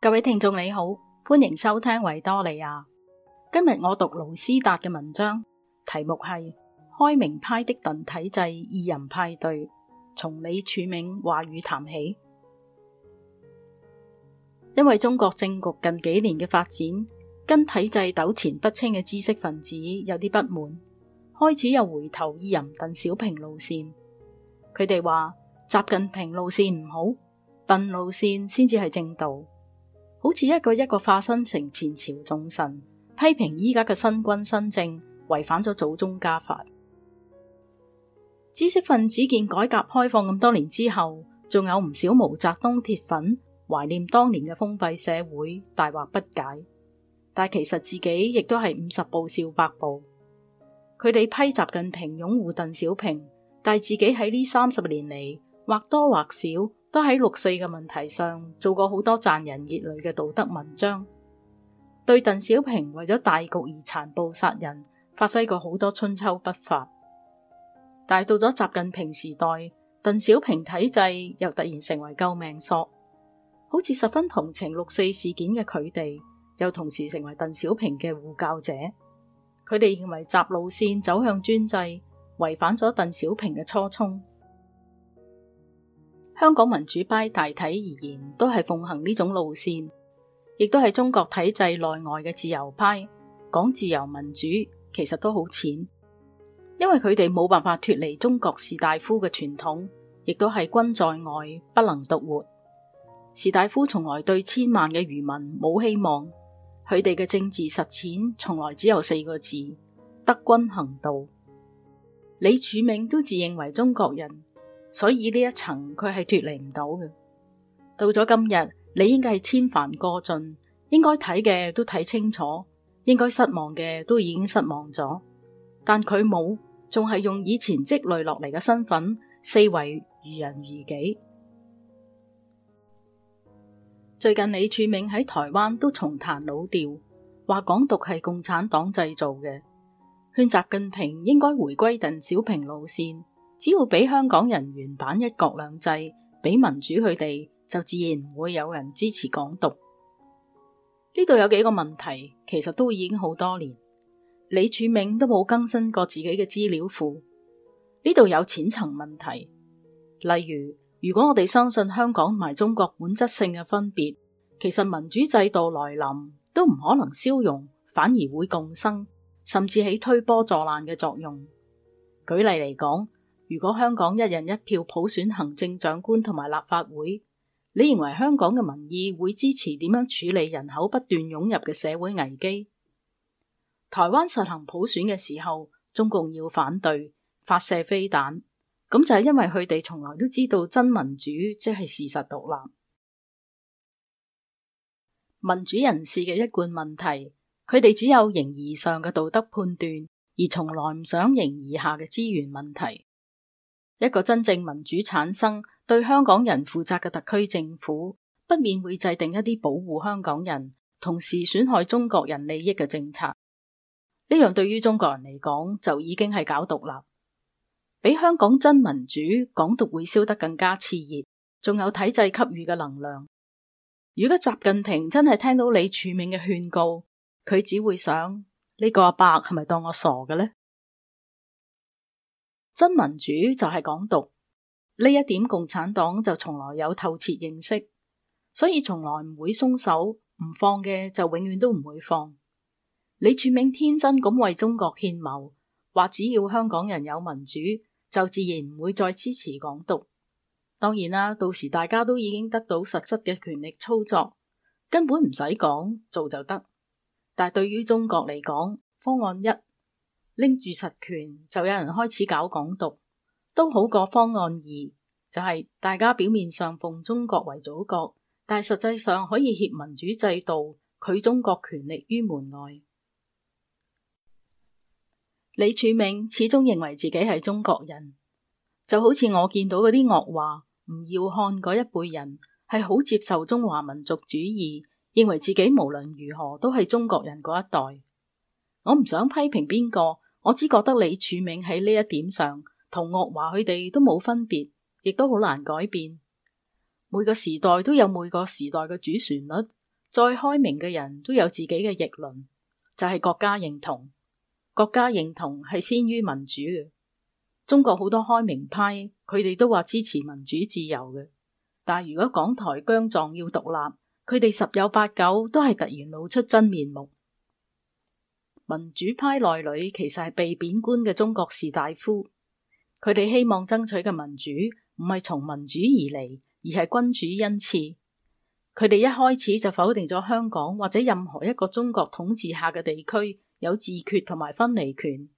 各位聽眾你好，歡迎收聽維多利亞。今日我讀盧斯達嘅文章，題目係《開明派的鄧體制二人派對》，從李柱銘話語談起。因為中國政局近幾年嘅發展，跟體制糾纏不清嘅知識分子有啲不滿，開始又回頭二人鄧小平路線。佢哋話習近平路線唔好，鄧路線先至係正道。好似一個一個化身成前朝宗臣，批評依家嘅新君新政違反咗祖宗家法。知識分子見改革開放咁多年之後，仲有唔少毛澤東鐵粉懷念當年嘅封閉社會，大惑不解。但其實自己亦都係五十步笑百步，佢哋批習近平擁護鄧小平，但自己喺呢三十年嚟，或多或少。都喺六四嘅問題上做過好多贊人熱淚嘅道德文章，對鄧小平為咗大局而殘暴殺人，發揮過好多春秋筆法。但到咗習近平時代，鄧小平體制又突然成為救命索，好似十分同情六四事件嘅佢哋，又同時成為鄧小平嘅護教者。佢哋認為習路線走向專制，違反咗鄧小平嘅初衷。香港民主派大體而言都係奉行呢種路線，亦都係中國體制內外嘅自由派講自由民主，其實都好淺，因為佢哋冇辦法脫離中國士大夫嘅傳統，亦都係君在外不能獨活，士大夫從來對千萬嘅漁民冇希望，佢哋嘅政治實踐從來只有四個字：得君行道。李柱銘都自認為中國人。所以呢一層佢係脱離唔到嘅。到咗今日，你應該係千帆過盡，應該睇嘅都睇清楚，應該失望嘅都已經失望咗。但佢冇，仲係用以前積累落嚟嘅身份，四圍愚人愚己。最近李柱銘喺台灣都重彈老調，話港獨係共產黨製造嘅，勸習近平應該回歸鄧小平路線。只要俾香港人原版一國兩制，俾民主佢哋，就自然會有人支持港獨。呢度有幾個問題，其實都已經好多年，李柱銘都冇更新過自己嘅資料庫。呢度有淺層問題，例如如果我哋相信香港同埋中國本質性嘅分別，其實民主制度來臨都唔可能消融，反而會共生，甚至起推波助瀾嘅作用。舉例嚟講。如果香港一人一票普選行政長官同埋立法會，你認為香港嘅民意會支持點樣處理人口不斷湧入嘅社會危機？台灣實行普選嘅時候，中共要反對發射飛彈，咁就係因為佢哋從來都知道真民主即係事實獨立。民主人士嘅一貫問題，佢哋只有形而上嘅道德判斷，而從來唔想形而下嘅資源問題。一個真正民主產生，對香港人負責嘅特區政府，不免會制定一啲保護香港人，同時損害中國人利益嘅政策。呢樣對於中國人嚟講，就已經係搞獨立，比香港真民主港獨會燒得更加熾熱，仲有體制給予嘅能量。如果習近平真係聽到李柱銘嘅勸告，佢只會想：呢、這個阿伯係咪當我傻嘅呢？」真民主就係港獨呢一點，共產黨就從來有透徹認識，所以從來唔會鬆手，唔放嘅就永遠都唔會放。李柱銘天真咁為中國獻謀，話只要香港人有民主，就自然唔會再支持港獨。當然啦、啊，到時大家都已經得到實質嘅權力操作，根本唔使講，做就得。但係對於中國嚟講，方案一。拎住實權就有人開始搞港獨，都好過方案二，就係大家表面上奉中國為祖國，但係實際上可以挾民主制度拒中國權力於門外。李柱銘始終認為自己係中國人，就好似我見到嗰啲惡話，唔要看嗰一輩人係好接受中華民族主義，認為自己無論如何都係中國人嗰一代。我唔想批評邊個。我只覺得李柱銘喺呢一點上，同岳華佢哋都冇分別，亦都好難改變。每個時代都有每個時代嘅主旋律，再開明嘅人都有自己嘅逆論，就係、是、國家認同。國家認同係先於民主嘅。中國好多開明派，佢哋都話支持民主自由嘅，但如果港台疆藏要獨立，佢哋十有八九都係突然露出真面目。民主派內裏其實係被貶官嘅中國士大夫，佢哋希望爭取嘅民主唔係從民眾而嚟，而係君主恩賜。佢哋一開始就否定咗香港或者任何一個中國統治下嘅地區有自決同埋分離權，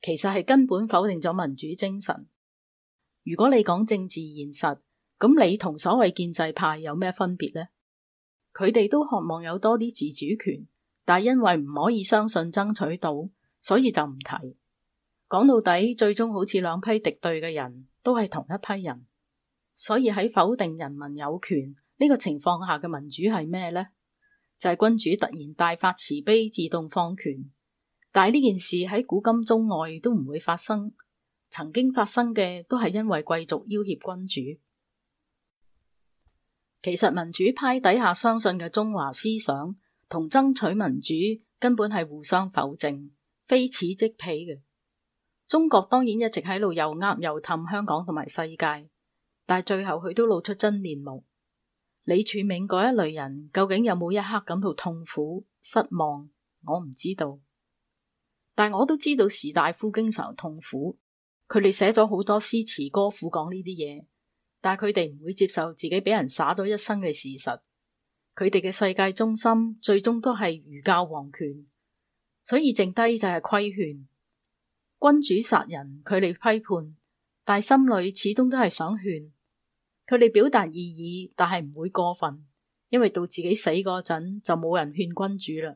其實係根本否定咗民主精神。如果你講政治現實，咁你同所謂建制派有咩分別呢？佢哋都渴望有多啲自主權。但因為唔可以相信爭取到，所以就唔提。講到底，最終好似兩批敵對嘅人都係同一批人，所以喺否定人民有權呢個情況下嘅民主係咩呢？就係君主突然大發慈悲，自動放權。但係呢件事喺古今中外都唔會發生，曾經發生嘅都係因為貴族要挾君主。其實民主派底下相信嘅中華思想。同爭取民主根本係互相否定，非此即彼嘅。中國當然一直喺度又呃又氹香港同埋世界，但係最後佢都露出真面目。李柱銘嗰一類人究竟有冇一刻感到痛苦、失望？我唔知道，但我都知道士大夫經常痛苦，佢哋寫咗好多詩詞歌賦講呢啲嘢，但佢哋唔會接受自己俾人耍到一生嘅事實。佢哋嘅世界中心最終都係儒教皇權，所以剩低就係規勸君主殺人，佢哋批判，但係心裏始終都係想勸。佢哋表達異議，但係唔會過分，因為到自己死嗰陣就冇人勸君主啦。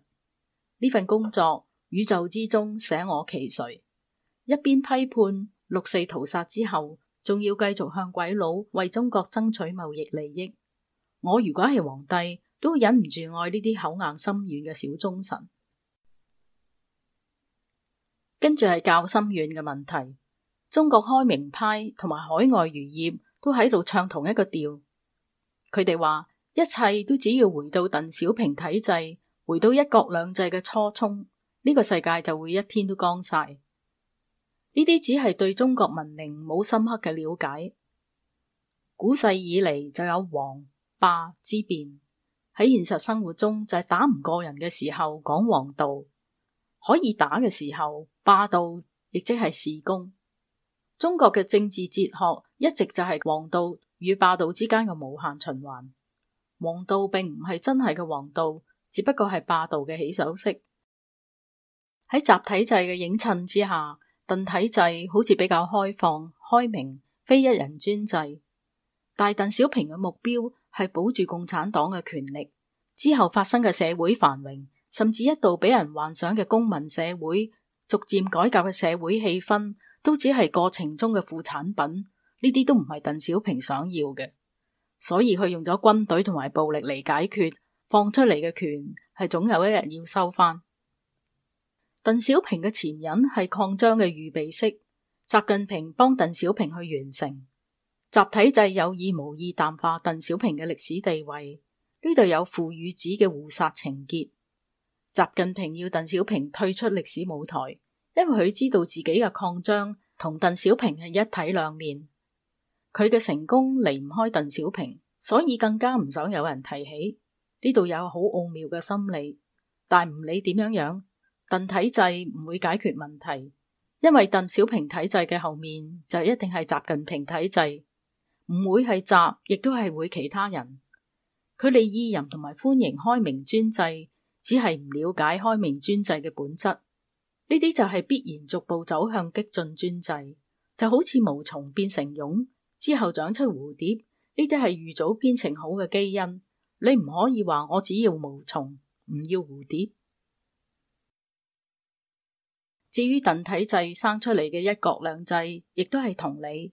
呢份工作宇宙之中，舍我其誰？一邊批判六四屠殺之後，仲要繼續向鬼佬為中國爭取貿易利益。我如果係皇帝。都忍唔住愛呢啲口硬心軟嘅小忠臣，跟住係教心軟嘅問題。中國開明派同埋海外儒業都喺度唱同一個調，佢哋話一切都只要回到鄧小平體制，回到一國兩制嘅初衷，呢、這個世界就會一天都光晒。呢啲只係對中國文明冇深刻嘅了解。古世以嚟，就有王霸之辯。喺現實生活中就係、是、打唔過人嘅時候講王道，可以打嘅時候霸道，亦即係事功。中國嘅政治哲學一直就係王道與霸道之間嘅無限循環。王道並唔係真係嘅王道，只不過係霸道嘅起手式。喺集體制嘅映襯之下，鄧體制好似比較開放、開明，非一人專制。大鄧小平嘅目標。係保住共產黨嘅權力之後發生嘅社會繁榮，甚至一度俾人幻想嘅公民社會，逐漸改革嘅社會氣氛，都只係過程中嘅副產品。呢啲都唔係鄧小平想要嘅，所以佢用咗軍隊同埋暴力嚟解決。放出嚟嘅權係總有一日要收返。鄧小平嘅前人係擴張嘅預備式，習近平幫鄧小平去完成。集體制有意無意淡化鄧小平嘅歷史地位，呢度有父與子嘅互殺情結。習近平要鄧小平退出歷史舞台，因為佢知道自己嘅擴張同鄧小平係一體兩面，佢嘅成功離唔開鄧小平，所以更加唔想有人提起，呢度有好奧妙嘅心理。但唔理點樣樣，鄧體制唔會解決問題，因為鄧小平體制嘅後面就一定係習近平體制。唔會係習，亦都係會其他人。佢哋意淫同埋歡迎開明專制，只係唔了解開明專制嘅本質。呢啲就係必然逐步走向激進專制，就好似毛蟲變成蛹之後長出蝴蝶。呢啲係預早編程好嘅基因，你唔可以話我只要毛蟲，唔要蝴蝶。至於鄧體制生出嚟嘅一國兩制，亦都係同理。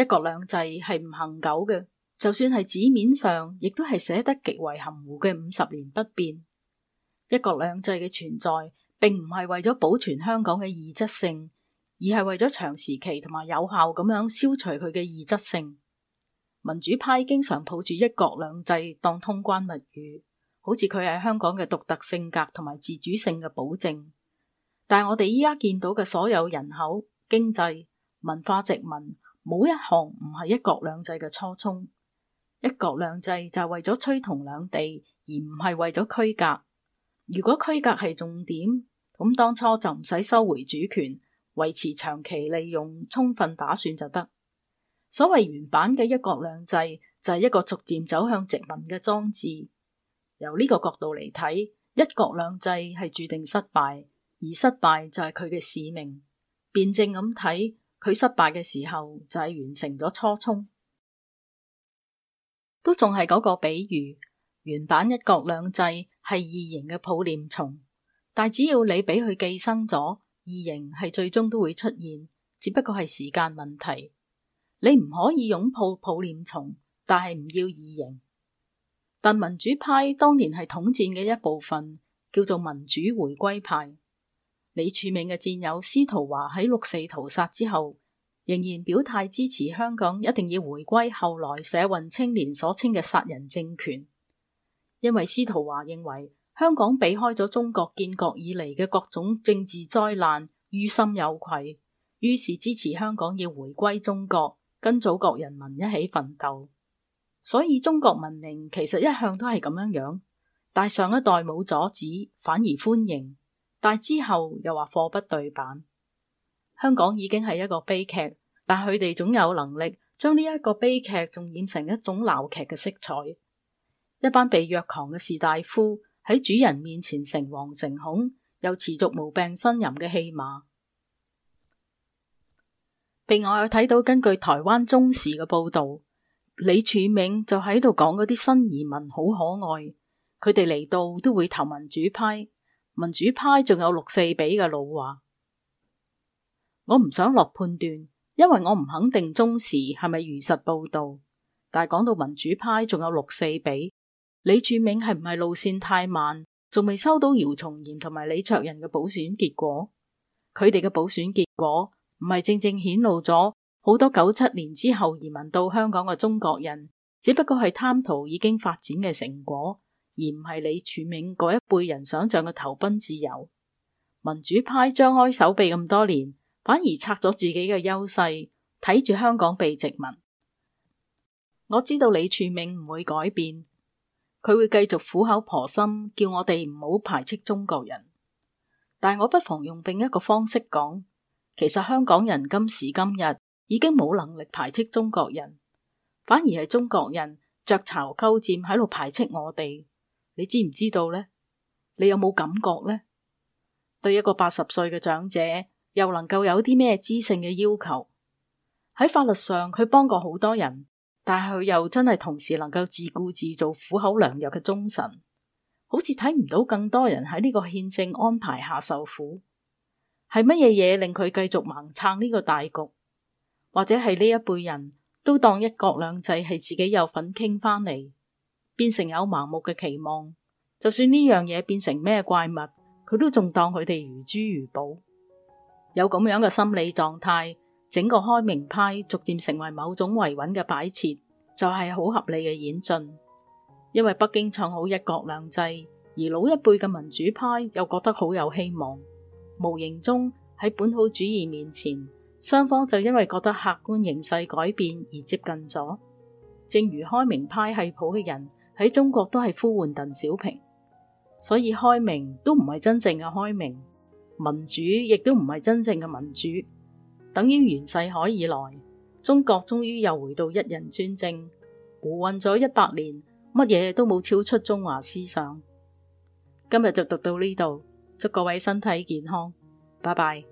一國兩制係唔恒久嘅，就算係紙面上，亦都係寫得極為含糊嘅五十年不變。一國兩制嘅存在，並唔係為咗保存香港嘅異質性，而係為咗長時期同埋有效咁樣消除佢嘅異質性。民主派經常抱住一國兩制當通關物語，好似佢係香港嘅獨特性格同埋自主性嘅保證。但係我哋依家見到嘅所有人口、經濟、文化殖民，冇一項唔係一國兩制嘅初衷，一國兩制就係為咗趨同兩地，而唔係為咗區隔。如果區隔係重點，咁當初就唔使收回主權，維持長期利用，充分打算就得。所謂原版嘅一國兩制就係一個逐漸走向殖民嘅裝置。由呢個角度嚟睇，一國兩制係注定失敗，而失敗就係佢嘅使命。辯證咁睇。佢失敗嘅時候就係、是、完成咗初衷。都仲係嗰個比喻。原版一國兩制係異形嘅抱臉蟲，但只要你俾佢寄生咗，異形係最終都會出現，只不過係時間問題。你唔可以擁抱抱臉蟲，但係唔要異形。但民主派當年係統戰嘅一部分，叫做民主回歸派。李柱銘嘅戰友司徒華喺六四屠殺之後，仍然表態支持香港一定要回歸後來社運青年所稱嘅殺人政權，因為司徒華認為香港避開咗中國建國以嚟嘅各種政治災難，於心有愧，於是支持香港要回歸中國，跟祖國人民一起奮鬥。所以中國文明其實一向都係咁樣樣，但上一代冇阻止，反而歡迎。但之後又話貨不對版。香港已經係一個悲劇，但佢哋總有能力將呢一個悲劇仲演成一種鬧劇嘅色彩。一班被虐狂嘅士大夫喺主人面前，誠惶誠恐，又持續無病呻吟嘅戲碼。另外我又睇到根據台灣中時嘅報道，李柱銘就喺度講嗰啲新移民好可愛，佢哋嚟到都會投民主派。民主派仲有六四比嘅老話，我唔想落判斷，因為我唔肯定中時係咪如實報道。但係講到民主派仲有六四比，李柱銘係唔係路線太慢，仲未收到姚松炎同埋李卓人嘅補選結果？佢哋嘅補選結果唔係正正顯露咗好多九七年之後移民到香港嘅中國人，只不過係貪圖已經發展嘅成果。而唔係李柱銘嗰一輩人想象嘅投奔自由，民主派張開手臂咁多年，反而拆咗自己嘅優勢，睇住香港被殖民。我知道李柱銘唔會改變，佢會繼續苦口婆心叫我哋唔好排斥中國人。但我不妨用另一個方式講，其實香港人今時今日已經冇能力排斥中國人，反而係中國人鵲巢鳩佔喺度排斥我哋。你知唔知道呢？你有冇感覺呢？對一個八十歲嘅長者，又能夠有啲咩知性嘅要求？喺法律上，佢幫過好多人，但係佢又真係同時能夠自顧自做苦口良藥嘅忠臣，好似睇唔到更多人喺呢個憲政安排下受苦。係乜嘢嘢令佢繼續盲撐呢個大局？或者係呢一輩人都當一國兩制係自己有份傾返嚟？變成有盲目嘅期望，就算呢樣嘢變成咩怪物，佢都仲當佢哋如珠如寶。有咁樣嘅心理狀態，整個開明派逐漸成為某種維穩嘅擺設，就係、是、好合理嘅演進。因為北京唱好一國兩制，而老一輩嘅民主派又覺得好有希望，無形中喺本土主義面前，雙方就因為覺得客觀形勢改變而接近咗。正如開明派系譜嘅人。喺中國都係呼喚鄧小平，所以開明都唔係真正嘅開明，民主亦都唔係真正嘅民主，等於袁世凱以來，中國終於又回到一人專政，胡混咗一百年，乜嘢都冇超出中華思想。今日就讀到呢度，祝各位身體健康，拜拜。